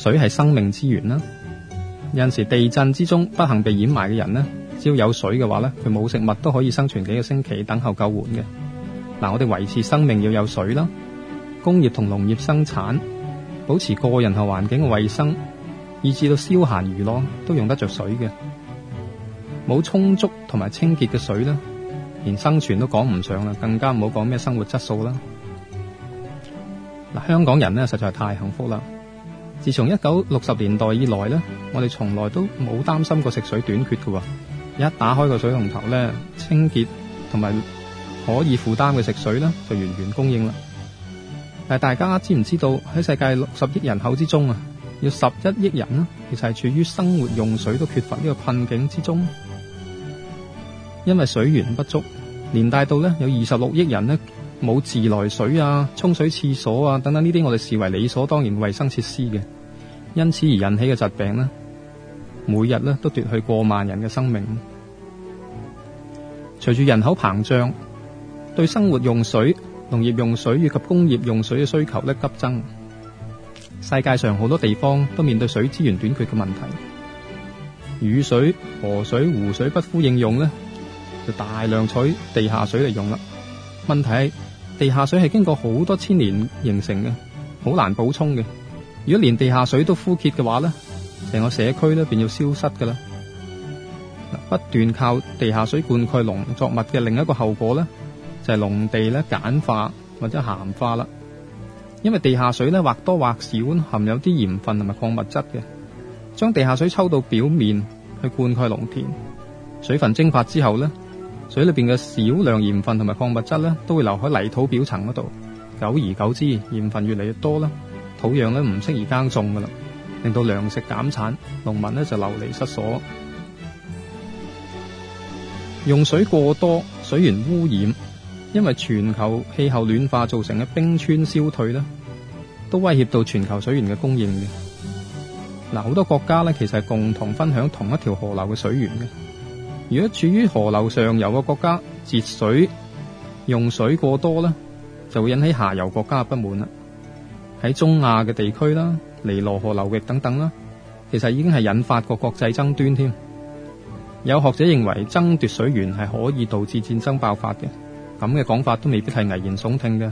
水係生命之源啦，有陣時地震之中不幸被掩埋嘅人呢，只要有水嘅話呢，佢冇食物都可以生存幾個星期，等候救援嘅。嗱，我哋維持生命要有水啦，工業同農業生產，保持個人同環境嘅衛生，以至到消閒娛樂都用得着水嘅。冇充足同埋清潔嘅水咧，連生存都講唔上啦，更加唔好講咩生活質素啦。嗱，香港人呢，實在係太幸福啦。自從一九六十年代以來咧，我哋從來都冇擔心過食水短缺嘅喎。一打開個水龍頭咧，清潔同埋可以負擔嘅食水咧，就源源供應啦。但大家知唔知道喺世界六十億人口之中啊，要十一億人呢，其實係處於生活用水都缺乏呢個困境之中。因為水源不足，連帶到咧有二十六億人呢。冇自來水啊、沖水廁所啊等等呢啲，我哋視為理所當然衛生設施嘅，因此而引起嘅疾病呢，每日呢都奪去過萬人嘅生命。隨住人口膨脹，對生活用水、農業用水以及工業用水嘅需求呢急增，世界上好多地方都面對水資源短缺嘅問題。雨水、河水、湖水不敷應用呢，就大量取地下水嚟用啦。問題係地下水係經過好多千年形成嘅，好難補充嘅。如果連地下水都枯竭嘅話咧，成個社區咧便要消失噶啦。不斷靠地下水灌溉農作物嘅另一個後果呢，就係、是、農地咧鹼化或者鹹化啦。因為地下水呢，或多或少含有啲鹽分同埋礦物質嘅，將地下水抽到表面去灌溉農田，水分蒸發之後呢。水裏邊嘅少量鹽分同埋礦物質咧，都會留喺泥土表層嗰度。久而久之，鹽分越嚟越多啦，土壤咧唔適宜耕種噶啦，令到糧食減產，農民咧就流離失所。用水過多，水源污染，因為全球氣候暖化造成嘅冰川消退咧，都威脅到全球水源嘅供應嘅。嗱，好多國家咧其實係共同分享同一條河流嘅水源嘅。如果處於河流上游嘅國家節水用水過多呢，就會引起下游國家嘅不滿啦。喺中亞嘅地區啦，尼羅河流域等等啦，其實已經係引發過國際爭端添。有學者認為爭奪水源係可以導致戰爭爆發嘅，咁嘅講法都未必係危言聳聽嘅。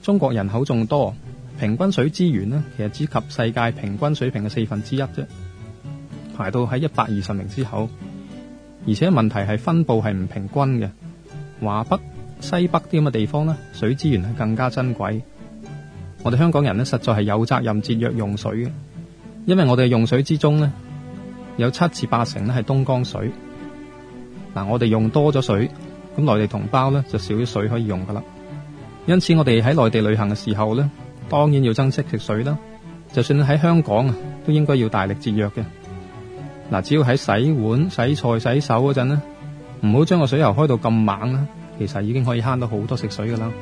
中國人口眾多，平均水資源呢，其實只及世界平均水平嘅四分之一啫。排到喺一百二十名之後，而且問題係分布係唔平均嘅。華北、西北啲咁嘅地方呢，水資源係更加珍貴。我哋香港人呢，實在係有責任節約用水嘅。因為我哋嘅用水之中呢，有七至八成呢係東江水。嗱，我哋用多咗水，咁內地同胞呢就少咗水可以用噶啦。因此，我哋喺內地旅行嘅時候呢，當然要珍惜食水啦。就算你喺香港啊，都應該要大力節約嘅。嗱，只要喺洗碗、洗菜、洗手嗰陣咧，唔好將個水喉開到咁猛啦，其實已經可以慳到好多食水噶啦。